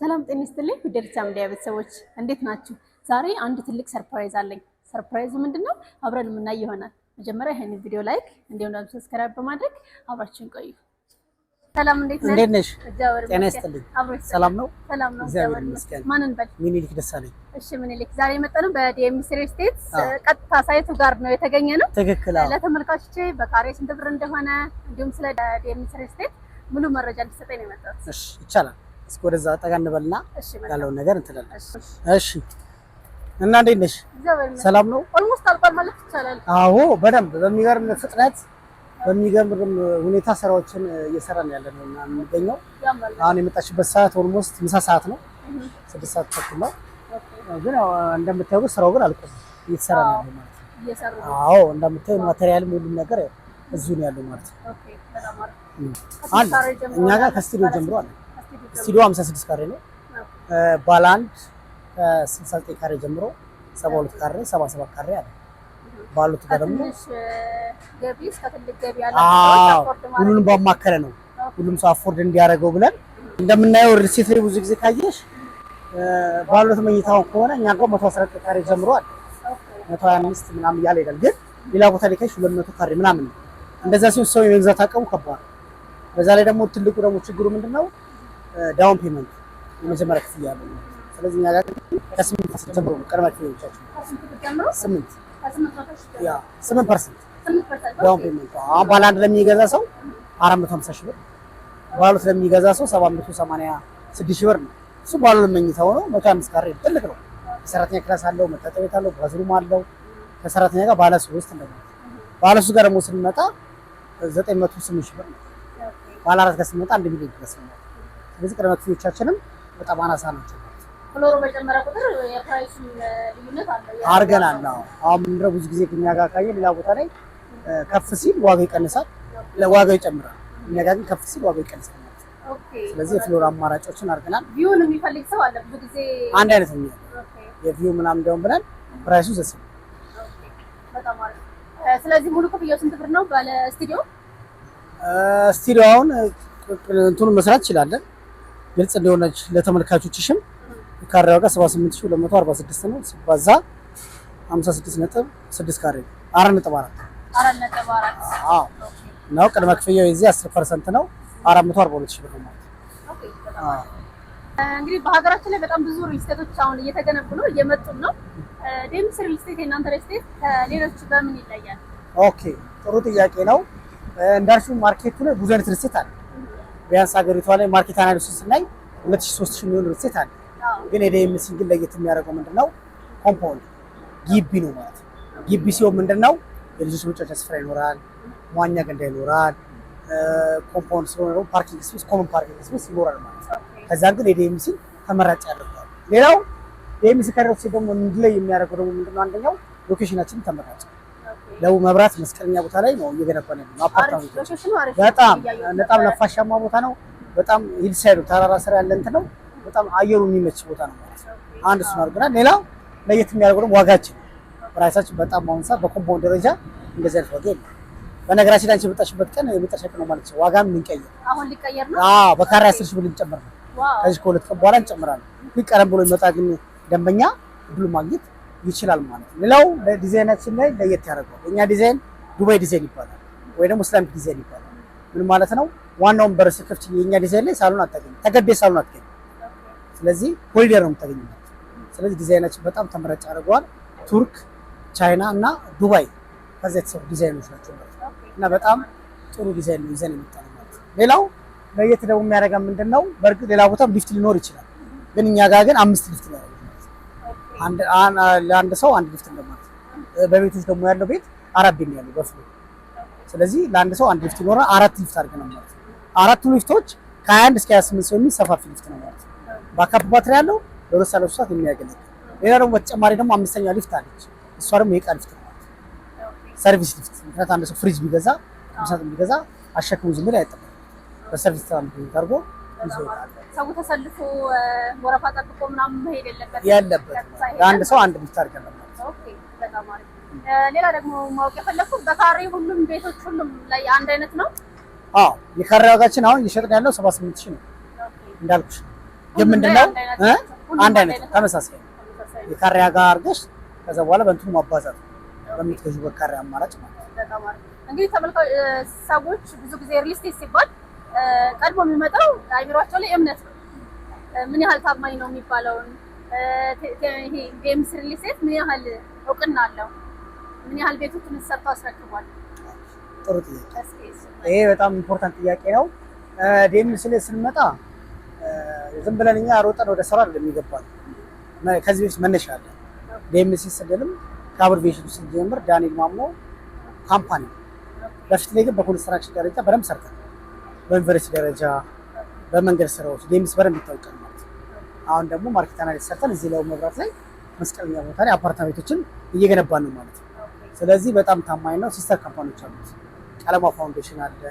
ሰላም ጤና ይስጥልኝ። ደርቻ ሚዲያ ቤተሰቦች እንዴት ናችሁ? ዛሬ አንድ ትልቅ ሰርፕራይዝ አለኝ። ሰርፕራይዙ ምንድነው? አብረን የምናይ ይሆናል። መጀመሪያ ይህን ቪዲዮ ላይክ እንዲሁም ደግሞ ሰብስክራይብ በማድረግ አብራችሁን ቆዩ። ሰላም እንዴት ነሽ? እንዴት ነሽ? ጤና ይስጥልኝ። ሰላም ነው? ሰላም ነው። እግዚአብሔር ይመስገን። ማንን በል? ሚኒሊክ ደሳለኝ። እሺ ሚኒሊክ፣ ዛሬ የመጣነው በዲኤምሲ ሪል ስቴት ቀጥታ ሳይቱ ጋር ነው የተገኘ ነው። ትክክል። ለተመልካቾቼ በካሬ ስንት ብር እንደሆነ እንዲሁም ስለ ዲኤምሲ ሪል ስቴት ሙሉ መረጃ እንዲሰጠኝ ነው የመጣሁት። እሺ፣ ይቻላል እስኪ ወደዛ ጠጋ እንበልና ያለውን ነገር እንትላለን። እሺ እና እንዴት ነሽ? ሰላም ነው? ኦልሞስት አልቋል ማለት ይቻላል። አዎ በደንብ በሚገርም ፍጥነት በሚገርም ሁኔታ ስራዎችን እየሰራን ያለ ነው እና የምንገኘው አሁን የመጣችበት ሰዓት ኦልሞስት ምሳ ሰዓት ነው፣ ስድስት ሰዓት ተኩል ነው። ግን እንደምታየው ስራው ግን አልቆም እየተሰራ ነው ማለት ነው። አዎ እንደምታየው ማቴሪያልም ሁሉም ነገር እዚሁ ነው ያለው ማለት ነው። እኛ ጋር ከስቲዲዮ ጀምሮ አለ ስቱዲዮ 56 ካሬ ነው። ባለ አንድ ከ69 ካሬ ጀምሮ 72 ካሬ፣ 77 ካሬ አለ። ባሉት ጋር ደግሞ ሁሉንም ባማከለ ነው። ሁሉም ሰው አፎርድ እንዲያደርገው ብለን እንደምናየው ሪሲት ላይ ብዙ ጊዜ ካየሽ ባሉት መኝታው ከሆነ እኛ ጋር 114 ካሬ ጀምሮ አለ። 125 ምናምን እያለ ይሄዳል። ግን ሌላ ቦታ ላይ ካየሽ 200 ካሬ ምናምን ነው። እንደዛ ሲሆን ሰው የመግዛት አቅሙ ከባድ። በዛ ላይ ደግሞ ትልቁ ደግሞ ችግሩ ምንድነው? ዳውን ፔመንት የመጀመሪያ ክፍያ ያለ ነው። ስለዚህ እኛ ጋር ከስምንት ፐርሰንት ጀምሮ ነው ቀድማ ክፍያዎቻቸው ስምንት ስምንት ፐርሰንት ዳውን ፔመንት። አሁን ባለ አንድ ለሚገዛ ሰው አራት መቶ ሀምሳ ሺህ ብር፣ ባለ ሁለት ለሚገዛ ሰው ሰባት መቶ ሰማንያ ስድስት ሺህ ብር ነው። እሱ ባሉ ሁለት መኝታው ነው። መቶ አምስት ካሬ ትልቅ ነው። የሰራተኛ ክላስ አለው፣ መታጠቢያ ቤት አለው፣ ባዝሩም አለው። ከሰራተኛ ጋር ባለ ሶስት እንደማለት ባለ ሶስት ጋር ደግሞ ስንመጣ ዘጠኝ መቶ ስምንት ሺህ ብር ነው። ባለ አራት ጋር ስንመጣ አንድ ሚሊዮን ድረስ ነው። ስለዚህ ቅድመ ክፍያዎቻችንም በጣም አናሳ ናቸው። ፍሎሩ በጨመረ ቁጥር የፕራይሱን ልዩነት አድርገናል። አሁን ምንድነው ብዙ ጊዜ ከኛ ጋር ካየ ሌላ ቦታ ላይ ከፍ ሲል ዋጋ ይቀንሳል፣ ዋጋው ይጨምራል። እኛ ጋር ግን ከፍ ሲል ዋጋ ይቀንሳል። ስለዚህ የፍሎር አማራጮችን አድርገናል። ቪውን የሚፈልግ ሰው አለ። ብዙ ጊዜ አንድ አይነት ነው የቪው ምናምን እንደውም ብለን ፕራይሱ ዘስ ስለዚህ ሙሉ ክፍያው ስንት ብር ነው? ባለ ስቱዲዮ እንትኑን መስራት ይችላለን ግልጽ እንደሆነች ለተመልካቾችሽም ካሬ ዋጋ 78246 ነው ሲባዛ 56 ካሬ አራት ነጥብ አራት አዎ ነው። ቅድመ ክፍያው የዚህ 10% ፐርሰንት ነው 442 ሺህ ብር ነው። እንግዲህ በሀገራችን ላይ በጣም ብዙ ሪልስቴቶች አሁን እየተገነቡ ነው እየመጡ ነው። ዴምስ ሪልስቴት ስቴት የእናንተ ሪል ከሌሎች በምን ይለያል? ኦኬ ጥሩ ጥያቄ ነው። እንዳልሽው ማርኬቱ ላይ ብዙ አይነት ሪል አለ ቢያንስ ሀገሪቷ ላይ ማርኬት አናሊሲስ ስናይ ሁለት ሺህ ሶስት ሺህ የሚሆን ርሴት አለ። ግን የዲኤምሲን ግን ለየት የሚያደርገው ምንድን ነው? ኮምፓውንድ ጊቢ ነው ማለት ነው። ግቢ ሲሆን ነው? የልጆች መጫወቻ ስፍራ ይኖራል፣ መዋኛ ገንዳ ይኖራል። ኮምፓውንድ ስለሆነ ደግሞ ፓርኪንግ ስፔስ፣ ኮመን ፓርኪንግ ስፔስ ይኖራል ማለት ነው። ከዛም ግን የዲኤምሲን ተመራጭ ያደርገዋል። ሌላው ዲኤምሲ ካሪሮሴ ደግሞ እንዲለይ የሚያደርገው ደግሞ ነው? አንደኛው ሎኬሽናችን ተመራጭ ነው። ደቡብ መብራት መስቀለኛ ቦታ ላይ ነው እየገነባ ያለው አፓርታመንት። በጣም በጣም ነፋሻማ ቦታ ነው። በጣም ሂል ሳይዱ ተራራ ስራ ያለ እንትን ነው። በጣም አየሩ የሚመች ቦታ ነው ማለት ነው። አንድ እሱን አድርገናል። ሌላ ለየት የሚያደርገው ደግሞ ዋጋችን ፕራይሳችን በጣም አሁን ሰዓት በኮምፓውንድ ደረጃ እንደዚህ አይነት ዋጋ የለም። በነገራችን አንቺ የመጣሽበት ቀን የመጣሽ ቀን ነው ማለት ነው። ዋጋም ልንቀይር አሁን ልንቀይር ነው። አዎ በካሬ አስር ሺህ ብር ልንጨምር ነው። ከዚህ ከሁለት ቀን በኋላ እንጨምራለን። ቀረም ብሎ ይመጣ ግን ደንበኛ ብሉ ማግኘት ይችላል ማለት ነው። ሌላው ዲዛይናችን ላይ ለየት ያደርገዋል። እኛ ዲዛይን ዱባይ ዲዛይን ይባላል ወይ ደግሞ ስላም ዲዛይን ይባላል። ምን ማለት ነው? ዋናውን በር ስከፍት የእኛ ዲዛይን ላይ ሳሎን አታገኝም፣ ተገዴ ሳሎን አትገኝም። ስለዚህ ኮሪደር ነው የምታገኘው። ስለዚህ ዲዛይናችን በጣም ተመራጭ አድርገዋል። ቱርክ፣ ቻይና እና ዱባይ ከዚያ የተሰሩ ዲዛይኖች ናቸው ማለት ነው እና በጣም ጥሩ ዲዛይን ነው ይዘን የመጣነው ማለት ነው። ሌላው ለየት ደግሞ የሚያደርገን ምንድን ነው? በእርግጥ ሌላ ቦታም ሊፍት ሊኖር ይችላል፣ ግን እኛ ጋር ግን አምስት ሊፍት ነው ለአንድ ሰው አንድ ሊፍት እንደማለት ነው። ውስጥ ደግሞ ያለው ቤት አራት ቤት ያለው በፍሎ ስለዚህ ለአንድ ሰው አንድ ሊፍት ይኖራል። አራት ሊፍት አድርገን ነው ማለት ነው። አራቱ ሊፍቶች ከ21 እስከ 28 ሰው የሚል ሰፋፊ ሊፍት ነው ማለት ነው። ባካፕ ባትሪ ያለው ለሁለት ሰዓት ሶስት ሰዓት የሚያገለግል ሌላ ደግሞ በተጨማሪ ደግሞ አምስተኛ ሊፍት አለች። እሷ ደግሞ የቃ ሊፍት ነው ማለት ሰርቪስ ሊፍት ምክንያት አንድ ሰው ፍሪጅ ቢገዛ ምሳት ቢገዛ አሸክሙ ዝምል ብሎ አይጠበቅም። በሰርቪስ ተራም አድርጎ ይዞ ይላል። ሰው ተሰልፎ ወረፋ ጠብቆ ምናምን መሄድ የለበት ያለበት አንድ ሰው አንድ ብቻ ነው። ኦኬ ሌላ ደግሞ ማወቅ የፈለኩት በካሬ ሁሉም ቤቶች ሁሉም ላይ አንድ አይነት ነው? አዎ የካሬ ዋጋችን አሁን እየሸጥን ያለው 78000 ነው እንዳልኩሽ። ግን ምንድነው አንድ አይነት ተመሳሳይ የካሬ ዋጋ አድርገሽ ከዛ በኋላ በእንትኑ ማባዛት በሚትገዥበት ካሬ አማራጭ ማለት ነው። እንግዲህ ተመልካች ሰዎች ብዙ ጊዜ ሪል ስቴት ሲባል ቀድሞ የሚመጣው አይምሯቸው ላይ እምነት ነው። ምን ያህል ታማኝ ነው የሚባለውን ይሄ ጌምስ ሪሊስቴት ምን ያህል እውቅና አለው፣ ምን ያህል ቤቶች ሰርቶ አስረክቧል? ጥሩ ጥያቄ። ይሄ በጣም ኢምፖርታንት ጥያቄ ነው። ዴምስ ላይ ስንመጣ ዝም ብለን እኛ ሮጠን ወደ ስራ አይደለም የሚገባል። ከዚህ በፊት መነሻ አለ። ዴምስ ስንልም ከአብርቬሽን ስንጀምር ዳንኤል ማሞ ካምፓኒ በፊት ላይ ግን በኮንስትራክሽን ደረጃ በደንብ ሰርተን በዩኒቨርሲቲ ደረጃ በመንገድ ስራዎች ጌምስ በደንብ ይታወቃል ማለት ነው። አሁን ደግሞ ማርኬት አናሊስ ሰርተን እዚህ ላይ መብራት ላይ መስቀለኛ ቦታ ላይ አፓርታማ ቤቶችን እየገነባ ነው ማለት ነው። ስለዚህ በጣም ታማኝ ነው። ሲስተር ካምፓኒዎች አሉት። ቀለማ ፋውንዴሽን አለ፣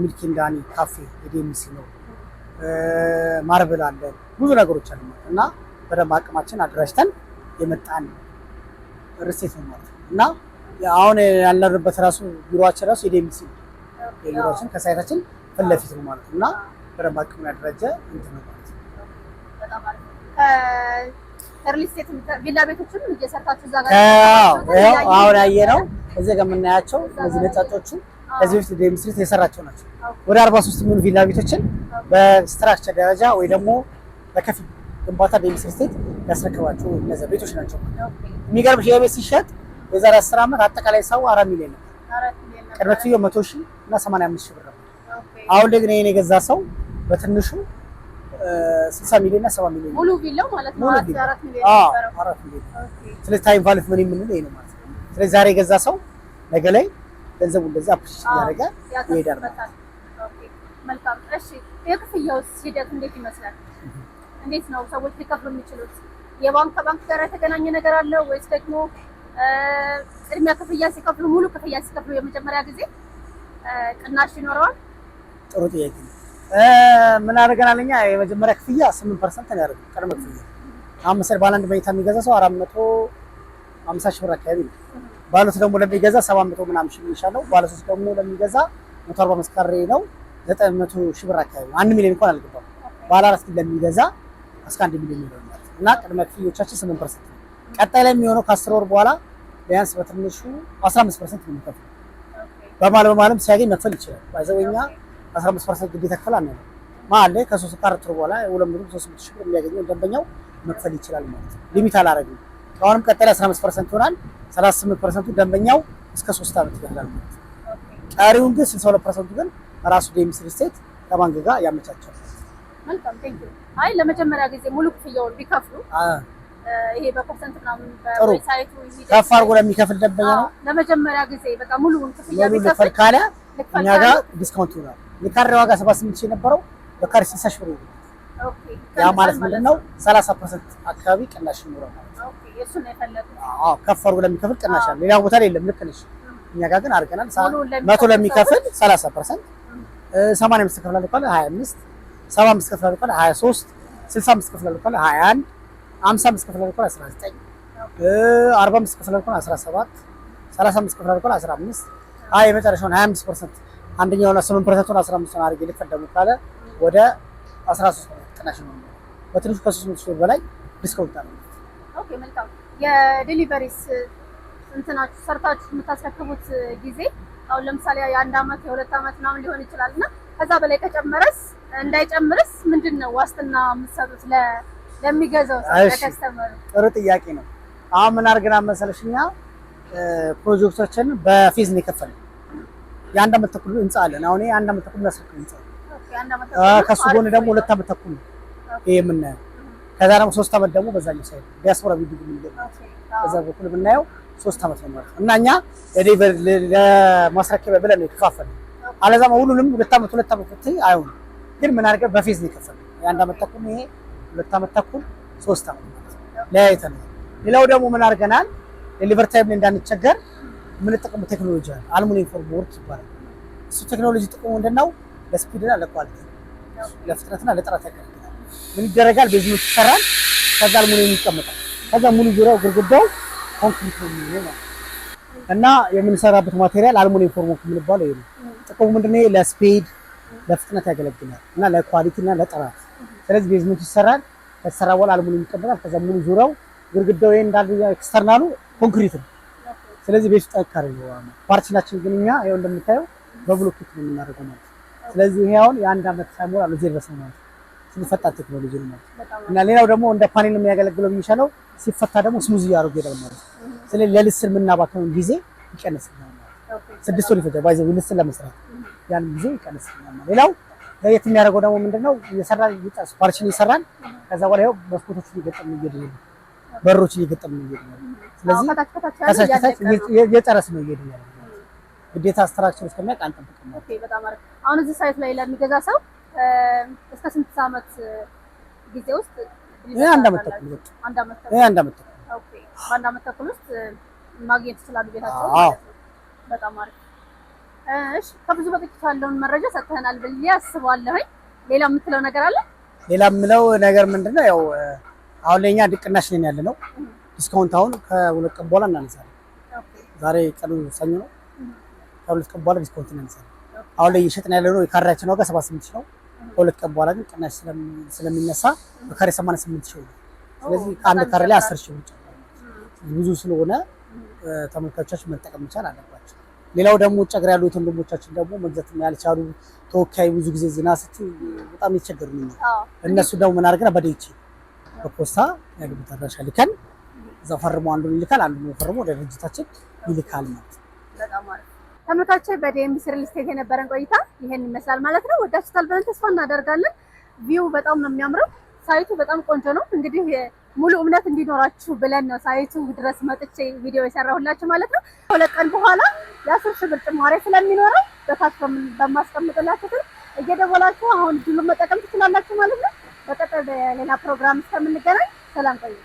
ሚልኪ እንዳኒ ካፌ የጌምሲ ነው፣ ማርብል አለ፣ ብዙ ነገሮች አሉ ማለት እና በደንብ አቅማችን አደራጅተን የመጣን ርሴት ነው ማለት ነው እና አሁን ያለንበት ራሱ ቢሮችን ራሱ የጌምሲ ነው የቢሮችን ከሳይታችን ፊት ለፊት ነው ማለት ነው እና በደንብ አቅሙን ያደረጀ እንትን ነው ማለት ነው። ቤቶችን አሁን እዚህ ጋር የምናያቸው እነዚህ ነጫጮቹ ከዚህ በፊት ዴም የሰራቸው ናቸው። ወደ 43 የሚሆኑ ቪላ ቤቶችን በስትራክቸር ደረጃ ወይ ደግሞ በከፊል ግንባታ ዴም ስትሪት ያስረከባቸው እነዚህ ቤቶች ናቸው። የሚገርምሽ የቤት ሲሸጥ የዛሬ 10 ዓመት አጠቃላይ ሰው አራት ሚሊዮን ነበር። ቅድመ ክፍያው መቶ ሺህ እና 85 ሺህ ብር ነው። አሁን ላይ ግን ይሄን የገዛ ሰው በትንሹ 60 ሚሊዮን እና 70 ሚሊዮን ሙሉ ቪላው ማለት ነው። አራት ሚሊዮን አዎ፣ አራት ሚሊዮን። ስለዚህ ታይም ቫልፍ ምን የምንለው ይሄ ነው ማለት ነው። ስለዚህ ዛሬ የገዛ ሰው ነገ ላይ ገንዘቡ እንደዛ አፕሪሽ እያደረገ ይሄዳል ማለት ነው። መልካም። እሺ የክፍያውስ ሂደት እንዴት ይመስላል? እንዴት ነው ሰዎች ሊከፍሉ የሚችሉት? የባንክ ከባንክ ጋር የተገናኘ ነገር አለ ወይስ ደግሞ ቅድሚያ ክፍያ ሲከፍሉ ሙሉ ክፍያ ሲከፍሉ የመጀመሪያ ጊዜ ቅናሽ ይኖረዋል? ጥሩ ጥያቄ ነው። ምን አድርገናል እኛ የመጀመሪያ ክፍያ ስምንት ፐርሰንት ነው ያደረግነው። ቅድመ ክፍያ አምስት ባለ አንድ መኝታ የሚገዛ ሰው አራት መቶ ሀምሳ ሺህ ብር አካባቢ ነው። ባለሁለት ደግሞ ለሚገዛ ሰባት መቶ ምናምን ሺህ ይሻለው። ባለሶስት ደግሞ ለሚገዛ መቶ አርባ አምስት ነው ዘጠኝ መቶ ሺህ ብር አካባቢ ነው። አንድ ሚሊዮን እንኳን አልገባም። ባለ አራት ግን ለሚገዛ እስከ አንድ ሚሊዮን ነው ማለት እና ቅድመ ክፍያዎቻችን ስምንት ፐርሰንት ነው። ቀጣይ ላይ የሚሆነው ከአስር ወር በኋላ ቢያንስ በትንሹ አስራ አምስት ፐርሰንት ነው የሚከፍለው በማለ በማለም ሲያገኝ መክፈል ይችላል። ባይዘወኛ አስራ አምስት ፐርሰንት ግዴታ ክፈል መሀል ላይ ከሶስት አራት ትር በኋላ ሁለት መቶ ሶስት መቶ ሺህ ብር የሚያገኘው ደንበኛው መክፈል ይችላል ማለት ነው። ሊሚት አላደረግም። አሁንም ቀጣይ 15 አምስት ፐርሰንት ይሆናል። ሰላሳ ፐርሰንቱ ደንበኛው እስከ ሶስት ዓመት ይከፍላል ማለት ነው። ቀሪውን ግን 62 ፐርሰንቱ ግን ራሱ ዴሚስ ሪስቴት ከባንክ ጋር ያመቻቸዋል። መልካም አይ ለመጀመሪያ ጊዜ ሙሉ ክፍያውን ቢከፍሉ ይሄ በፐርሰንት ምናምን በዌብሳይቱ ከፍ አድርጎ ለሚከፍል ደንበኛ ነው። ለመጀመሪያ ጊዜ በቃ ሙሉውን ክፍያ ቢከፍል ካለ እኛ ጋር ዲስካውንት ይሆናል። የካሬ ዋጋ 78 ሺህ የነበረው በካሬ 60 ሺህ ብር። ያ ማለት ምንድን ነው? 30% አካባቢ ቅናሽ ይኖራል ማለት ከፍ አድርጎ ለሚከፍል ቅናሽ አለ። ሌላ ቦታ የለም። ልክ ነሽ። እኛ ጋር ግን አድርገናል። 100 ለሚከፍል 30% 85 ከፍላለሁ ካለ 25 75 ከፍላለሁ ካለ 23 65 ከፍላለሁ ካለ 21 አምሳ አምስት ክፍለ ቢኮን አስራ ዘጠኝ አርባ አምስት ክፍለ ቢኮን አስራ ሰባት ሰላሳ አምስት ክፍለ ቢኮን አስራ አምስት አይ የመጨረሻውን ሀያ አምስት ፐርሰንት አንደኛውን ስምንት ፐርሰንቱን አስራ አምስቱን አድርጌ ልትቀደሙ ካለ ወደ አስራ ሶስት ቅናሽ ነው። በትንሹ ከሶስት መቶ ሺህ በላይ ዲስካውንት አለ። ኦኬ መልካም። የዴሊቨሪስ እንትናችሁ ሰርታችሁ የምታስረክቡት ጊዜ አሁን ለምሳሌ የአንድ አመት የሁለት አመት ምናምን ሊሆን ይችላል እና ከዛ በላይ ከጨመረስ እንዳይጨምርስ ምንድን ነው ዋስትና የምትሰጡት? ለሚገዛው ጥሩ ጥያቄ ነው። አሁን ምን አድርገናል መሰለሽ እኛ ፕሮጀክቶችን በፊዝ ነው የከፈልነው። የአንድ አመት ተኩል ህንፃ አለን። አሁን የአንድ አመት ተኩል የሚያስረክ ህንፃ ከሱ ጎን ደግሞ ሁለት አመት ተኩል ነው ይሄ የምናየው። ከዛ ደግሞ ሶስት አመት ደግሞ በዛኛው ሳይድ ዲያስፖራ ቢልዲንግ በዛ በኩል የምናየው ሶስት አመት ነው ማለት ነው። እና እኛ ለማስረከቢያ ብለን ነው የከፋፈልነው። አለዛማ ሁሉንም ሁለት አመት ሁለት አመት አይሆንም። ግን ምን አድርገን በፊዝ ነው የከፈልነው። የአንድ አመት ተኩል ይሄ ሁለት ዓመት ተኩል ሶስት ዓመት ማለት ሌላው ደግሞ ምን አድርገናል? ዴሊቨር ታይም ላይ እንዳንቸገር የምንጠቀመው ቴክኖሎጂ አለ። አልሙኒየም ፎርም ወርክ ይባላል። እሱ ቴክኖሎጂ ጥቅሙ ምንድነው? ለስፒድና ለኳሊቲ ለፍጥነትና ለጥራት ያገለግላል። ምን ይደረጋል? ቤዝመንት ይሰራል። ከዛ አልሙኒየም ይቀመጣል። ከዛ ሙሉ ዙሪያው ግድግዳው ኮንክሪት ነው የሚሆነው እና የምንሰራበት ማቴሪያል አልሙኒየም ፎርም ወርክ የምንባለው ይሄ ነው። ጥቅሙ ምንድነው? ለስፒድ ለፍጥነት ያገለግላል እና ለኳሊቲ ለጥራት ስለዚህ ቤዝመንቱ ይሰራል። ከተሰራ በኋላ አልሙኒየም ይቀበላል። ከዛ ሙሉ ዙሪያው ግርግዳው ይሄ እንዳለ ኤክስተርናሉ ኮንክሪት ነው። ስለዚህ ቤቱ ጠንካራ ነው። ፓርቲሽናችን ግን እኛ ይኸው እንደምታየው በብሎኬት ነው የምናደርገው ማለት ነው። ስለዚህ ይሄ አሁን የአንድ አመት ሳይሞላ ነው እዚህ ነው ማለት ነው። ፈጣን ቴክኖሎጂ ነው ማለት ነው። እና ሌላው ደግሞ እንደ ፓኔል ነው የሚያገለግለው የሚሻለው ሲፈታ ደግሞ ስሙዝ እያደረጉ ይሄዳል ማለት ነው። ስለዚህ ለልስን የምናባክነውን ጊዜ ይቀነስልናል። ስድስት ወር ይፈጃል ባይዘው ልስን ለመስራት ያን ጊዜ ይቀነስልናል። ሌላው ለየት የሚያደርገው ደግሞ ምንድነው እየሰራን ፓርችን እየሰራን ከዛ በኋላ ይኸው መስኮቶችን እየገጠምን እየሄድን ነው። በሮችን እየገጠምን እየሄድን ነው። ስለዚህ ከታች ከታች ነው እየሄድን ነው። ግዴታ ስትራክቸር እስከሚያውቅ አንጠብቅም። ኦኬ፣ በጣም አሪፍ። አሁን እዚህ ሳይት ላይ ለሚገዛ ሰው እስከ ስንት ዓመት ጊዜ ውስጥ ይሄ አንድ ዓመት ተኩል ነው። አንድ ዓመት ተኩል ይሄ አንድ ዓመት ተኩል ኦኬ፣ በአንድ ዓመት ተኩል ውስጥ ማግኘት ይችላሉ ቤታቸው። አዎ፣ በጣም አሪፍ እሺ ከብዙ በጥቂቱ ያለውን መረጃ ሰጥተናል ብዬ አስባለሁኝ። ሌላ የምትለው ነገር አለ? ሌላ የምለው ነገር ምንድነው ያው አሁን ለኛ ድቅናሽ ነን ያለ ነው። ዲስካውንት አሁን ከሁለት ቀን በኋላ እናነሳለን። ዛሬ ቀኑ ሰኞ ነው። ከሁለት ቀን በኋላ ዲስካውንት እናነሳለን። አሁን ላይ እየሸጥን ያለ ነው የካሬያችን ዋጋ 78 ሺህ ነው። ከሁለት ቀን በኋላ ግን ቅናሽ ስለሚነሳ በካሬ 88 ሺህ ነው። ስለዚህ ከአንድ ካሬ ላይ 10 ሺህ ብቻ ብዙ ስለሆነ ተመልካቾች መጠቀም መቻል አለባቸው። ሌላው ደግሞ ውጭ ሀገር ያሉት ወንድሞቻችን ደግሞ መግዛት ያልቻሉ ተወካይ ብዙ ጊዜ ዝና ስት በጣም የተቸገሩ ነው። እነሱ ደግሞ ምን አድርገን በደቼ በፖስታ ያገቡት አድራሻ ልከን እዛ ፈርሞ አንዱን ይልካል፣ አንዱ ፈርሞ ወደ ድርጅታችን ይልካል ማለት ነው። ተመልካቾች በዲኤምሲ ሪል ስቴት የነበረን ቆይታ ይሄን ይመስላል ማለት ነው። ወዳችሁታል ብለን ተስፋ እናደርጋለን። ቪው በጣም ነው የሚያምረው። ሳይቱ በጣም ቆንጆ ነው። እንግዲህ ሙሉ እምነት እንዲኖራችሁ ብለን ነው ሳይቱ ድረስ መጥቼ ቪዲዮ የሰራሁላችሁ ማለት ነው። ሁለት ቀን በኋላ የአስር ሺህ ብር ጭማሪ ስለሚኖረው በታች በማስቀምጥላችሁ ስልክ እየደወላችሁ አሁን ድሉ መጠቀም ትችላላችሁ ማለት ነው። በቀጠል ሌላ ፕሮግራም እስከምንገናኝ ሰላም ቆዩ።